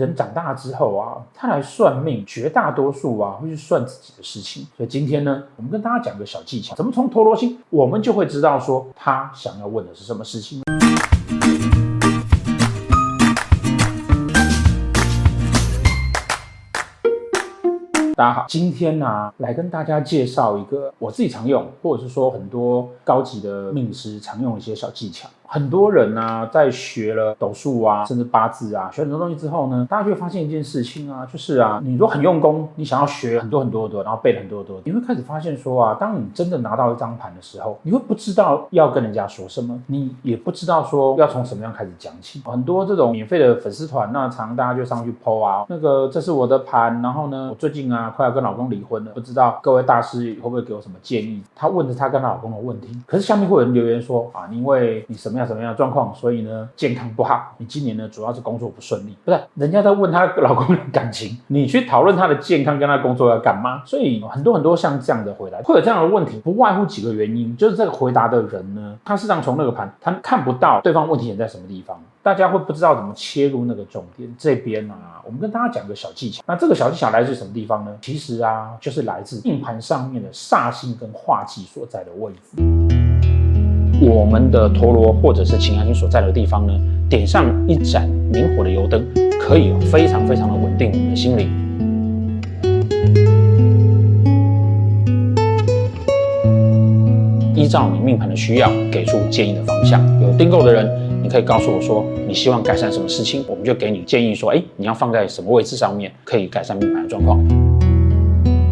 人長大之後啊，他來算命，絕大多數啊，會去算自己的事情。所以今天呢，我們跟大家講個小技巧，怎麼從陀羅星，我們就會知道說他想要問的是什麼事情。大家好，今天呢、啊、來跟大家介紹一個我自己常用，或者是說很多高級的命師常用的一些小技巧。很多人呢、啊、在學了斗數啊，甚至八字啊，學很多東西之後呢，大家就會發現一件事情啊，就是啊，你如果很用功，你想要學很多很多的，然後背了很多的，你會開始發現說啊，當你真的拿到一張盤的時候，你會不知道要跟人家說什麼，你也不知道說要從什麼樣開始講起。很多這種免費的粉絲團啊，那常，常大家就上去 PO 啊，那個這是我的盤，然後呢，我最近啊。快要跟老公離婚了，不知道各位大師會不會給我什麼建議？她問的她跟她老公的問題，可是下面會有人留言說啊，因為你什麼樣什麼樣的狀況，所以呢健康不好，你今年呢主要是工作不順利。不是，人家在問她老公的感情，你去討論她的健康跟她工作要幹嘛？所以很多很多像這樣的回答，會有這樣的問題，不外乎幾個原因，就是這個回答的人呢，他事實上從那個盤，他看不到對方問題點在什麼地方，大家會不知道怎麼切入那個重點。這邊呢、啊，我們跟大家講個小技巧，那這個小技巧來自於什麼地方呢？其實啊，就是來自命盤上面的煞星跟化忌所在的位置。我們的陀羅、或者是擎羊星所在的地方呢，點上一盞明火的油燈，可以非常非常的穩定我們的心靈。 依照你命盤的需要，給出建議的方向。有訂購的人，你可以告訴我說，你希望改善什麼事情，我們就給你建議說，誒，你要放在什麼位置上面，可以改善命盤的狀況。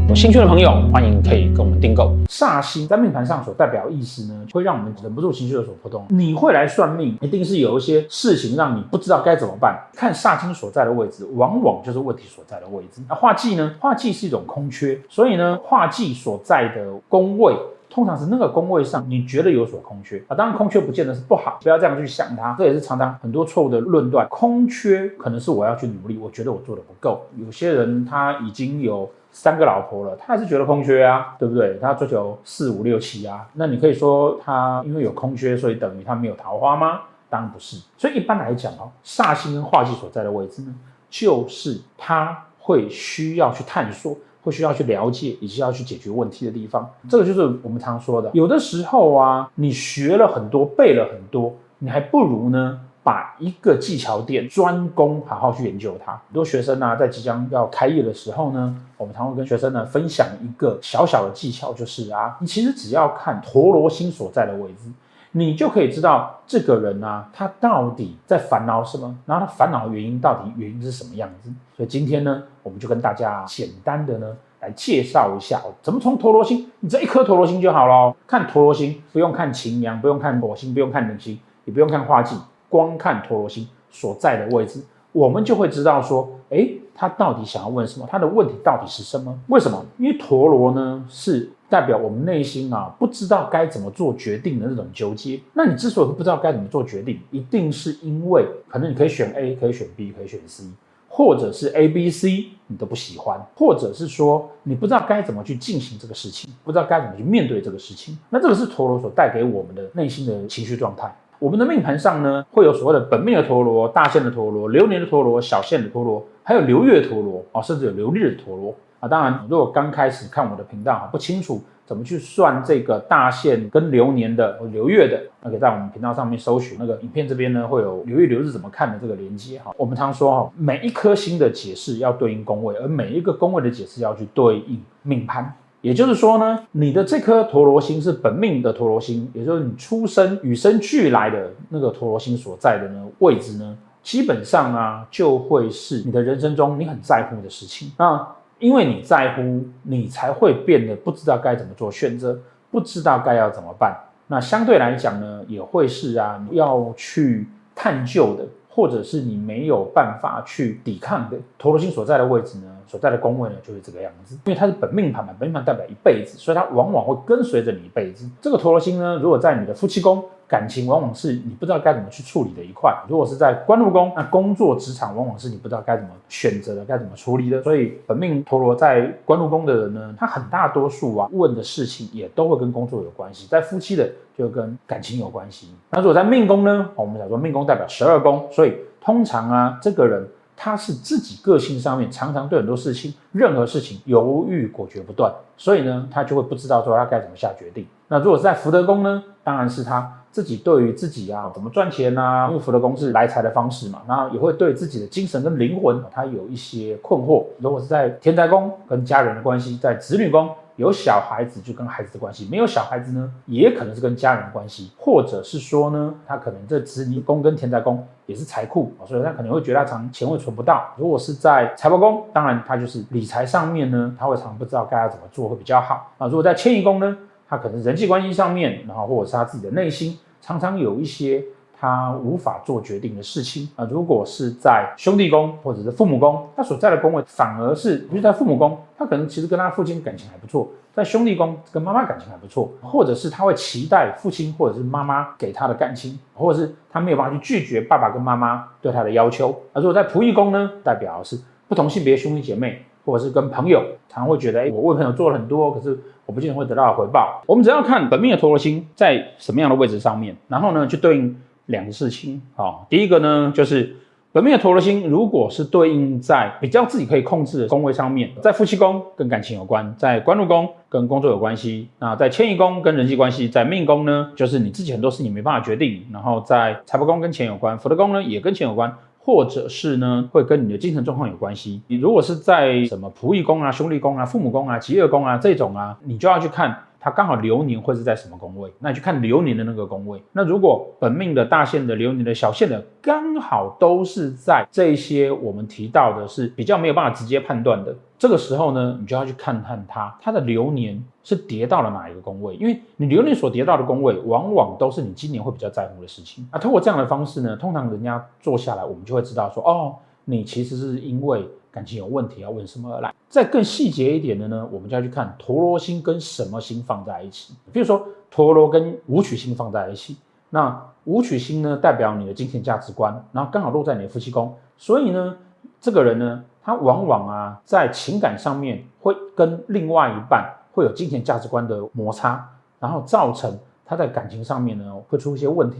有興趣的朋友，歡迎可以跟我們訂購。煞星在命盤上所代表的意思呢，會讓我們忍不住情緒有所波動。你會來算命，一定是有一些事情讓你不知道該怎麼辦。看煞星所在的位置，往往就是問題所在的位置。那、啊、化忌呢？化忌是一種空缺，所以呢，化忌所在的宮位，通常是那個宮位上你覺得有所空缺啊。當然，空缺不見得是不好，不要這樣去想它。這也是常常很多錯誤的論斷。空缺可能是我要去努力，我覺得我做得不夠。有些人他已經有。三個老婆了，他還是覺得空缺啊，對不對？他追求四五六七啊，那你可以說他因為有空缺，所以等於他沒有桃花嗎？當然不是。所以一般來講啊，煞星跟化忌所在的位置呢，就是他會需要去探索，會需要去了解，以及要去解決問題的地方。嗯。這個就是我們常說的，有的時候啊，你學了很多，背了很多，你還不如呢。把一個技巧點專攻，好好去研究它。很多學生呢、啊，在即將要開業的時候呢，我們常會跟學生呢分享一個小小的技巧，就是啊，你其實只要看陀羅星所在的位置，你就可以知道這個人啊，他到底在煩惱什麼，然後他煩惱的原因到底原因是什麼樣子。所以今天呢，我們就跟大家簡單的呢來介紹一下，怎麼從陀羅星，你這一顆陀羅星就好了。看陀羅星，不用看擎羊，不用看火星，不用看鈴星，也不用看化忌。光看陀羅星所在的位置，我們就會知道說，誒、欸，他到底想要問什麼？他的問題到底是什麼？為什麼？因為陀羅呢，是代表我們內心啊，不知道該怎麼做決定的那種糾結。那你之所以不知道該怎麼做決定，一定是因為可能你可以選 A，可以選 B，可以選 C，或者是 A、B、C 你都不喜歡，或者是說你不知道該怎麼去進行這個事情，不知道該怎麼去面對這個事情。那這個是陀羅所帶給我們的內心的情緒狀態。我們的命盤上呢，會有所謂的本命的陀羅、大限的陀羅、流年的陀羅、小限的陀羅，還有流月陀羅啊，甚至有流日的陀羅啊。當然，如果剛開始看我的頻道哈，不清楚怎麼去算這個大限跟流年的、流月的，那、啊、可以在我們頻道上面搜尋那個影片。這邊呢，會有流月、流日怎麼看的這個連結哈。我們常說哈，每一顆星的解釋要對應宮位，而每一個宮位的解釋要去對應命盤。也就是說呢，你的這顆陀羅星是本命的陀羅星，也就是你出生與生俱來的那個陀羅星所在的呢位置呢，基本上啊就會是你的人生中你很在乎的事情。那因為你在乎，你才會變得不知道該怎麼做選擇，不知道該要怎麼辦。那相對來講呢，也會是啊你要去探究的。或者是你沒有辦法去抵抗的，陀羅星所在的位置呢，所在的宮位呢，就是這個樣子。因為它是本命盤嘛，本命盤代表一輩子，所以它往往會跟隨着你一輩子。這個陀羅星呢，如果在你的夫妻宮。感情往往是你不知道該怎麼去處理的一塊。如果是在官祿宮，那工作職場往往是你不知道該怎麼選擇的、該怎麼處理的。所以本命陀羅在官祿宮的人呢，他很大多數啊問的事情也都會跟工作有關係。在夫妻的就跟感情有關係。那如果在命宮呢，哦，我們想說命宮代表十二宮，所以通常啊這個人他是自己個性上面常常對很多事情、任何事情猶豫果決不斷，所以呢他就會不知道說他該怎麼下決定。那如果是在福德宮呢，當然是他。自己對於自己啊，怎麼賺錢呢、啊？木福德宮是來財的方式嘛，那也會對自己的精神跟靈魂，他有一些困惑。如果是在田宅宮跟家人的關係，在子女宮有小孩子就跟孩子的關係，沒有小孩子呢，也可能是跟家人的關係，或者是說呢，他可能這子女宮跟田宅宮也是財庫，所以他可能會覺得他常錢會存不到。如果是在財帛宮，當然他就是理財上面呢，他會常不知道該要怎麼做會比較好啊。那如果在遷移宮呢，他可能人際關係上面，然後或者是他自己的內心。常常有一些他無法做決定的事情啊。如果是在兄弟宮或者是父母宮，他所在的宮位反而是，比如在父母宮，他可能其實跟他父親感情還不錯，在兄弟宮跟媽媽感情還不錯，或者是他會期待父親或者是媽媽給他的感情，或者是他沒有辦法去拒絕爸爸跟媽媽對他的要求。而如果在僕役宮呢，代表是不同性別兄弟姐妹。或者是跟朋友，常，常會覺得，哎、欸，我為朋友做了很多，可是我不見得會得到的回報。我們只要看本命的陀羅星在什麼樣的位置上面，然後呢，去對應兩個事情。啊、哦，第一個呢，就是本命的陀羅星如果是對應在比較自己可以控制的宮位上面，在夫妻宮跟感情有關，在官祿宮跟工作有關係，那在遷移宮跟人際關係，在命宮呢，就是你自己很多事情沒辦法決定，然後在財帛宮跟錢有關，福德宮呢也跟錢有關。或者是呢，會跟你的精神狀況有關係。你如果是在什麼僕役宮啊、兄弟宮啊、父母宮啊、疾厄宮啊這種啊，你就要去看。它剛好流年會是在什麼宮位？那你去看流年的那個宮位。那如果本命的大限的流年的小限的，剛好都是在這些我們提到的是比較沒有辦法直接判斷的，這個時候呢，你就要去看看它它的流年是疊到了哪一個宮位，因為你流年所疊到的宮位，往往都是你今年會比較在乎的事情。那、啊、通過這樣的方式呢，通常人家坐下來，我們就會知道說，哦，你其實是因為。感情有問題，要問什麼而來？再更細節一點的呢，我們就要去看陀羅星跟什麼星放在一起。比如說陀羅跟武曲星放在一起，那武曲星呢，代表你的金錢價值觀，然後剛好落在你的夫妻宮，所以呢，這個人呢，他往往啊在情感上面會跟另外一半會有金錢價值觀的摩擦，然後造成他在感情上面呢會出一些問題。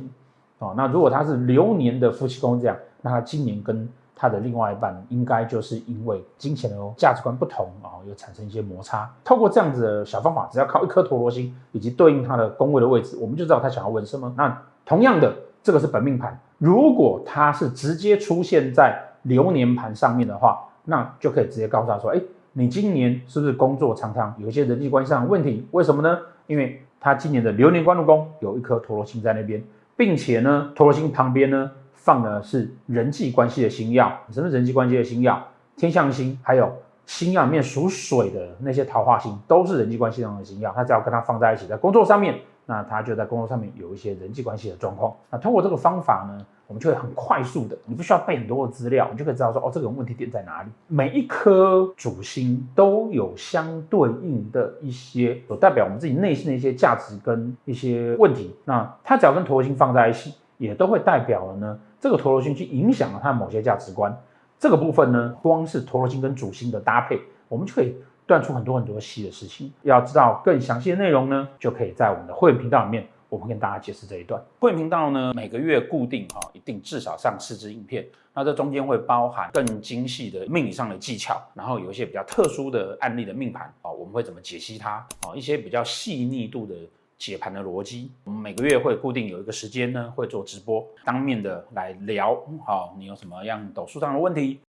哦，那如果他是流年的夫妻宮這樣，那他今年跟他的另外一半應該就是因為金錢的價值觀不同啊、哦，又產生一些摩擦。透過這樣子的小方法，只要靠一顆陀羅星以及對應他的宮位的位置，我們就知道他想要問什麼。那同樣的，這個是本命盤，如果他是直接出現在流年盤上面的話，那就可以直接告訴他說：哎，你今年是不是工作常常有一些人際關係上的問題？為什麼呢？因為他今年的流年官祿宮有一顆陀羅星在那邊，並且呢，陀羅星旁邊呢。放的是人際關係的星曜，什麼人際關係的星曜？天相星，還有星曜裡面屬水的那些桃花星，都是人際關係中的星曜，它只要跟它放在一起，在工作上面，那它就在工作上面有一些人際關係的狀況。那通過這個方法呢，我們就會很快速的，你不需要背很多的資料，你就可以知道說，哦，這個問題點在哪裡。每一顆主星都有相對應的一些，所代表我們自己內心的一些價值跟一些問題。那它只要跟陀羅星放在一起，也都會代表了呢。這個陀羅星去影響了他的某些價值觀，這個部分呢，光是陀羅星跟主星的搭配，我們就可以斷出很多很多細的事情。要知道更詳細的內容呢，就可以在我們的會員頻道裡面，我們會跟大家解釋這一段。會員頻道呢，每個月固定哈，一定至少上四支影片。那這中間會包含更精細的命理上的技巧，然後有一些比較特殊的案例的命盤啊，我們會怎麼解析它啊，一些比較細膩度的解盤的邏輯，我們每個月會固定有一個時間呢，會做直播，當面的來聊。嗯、好，你有什麼樣斗數上的問題？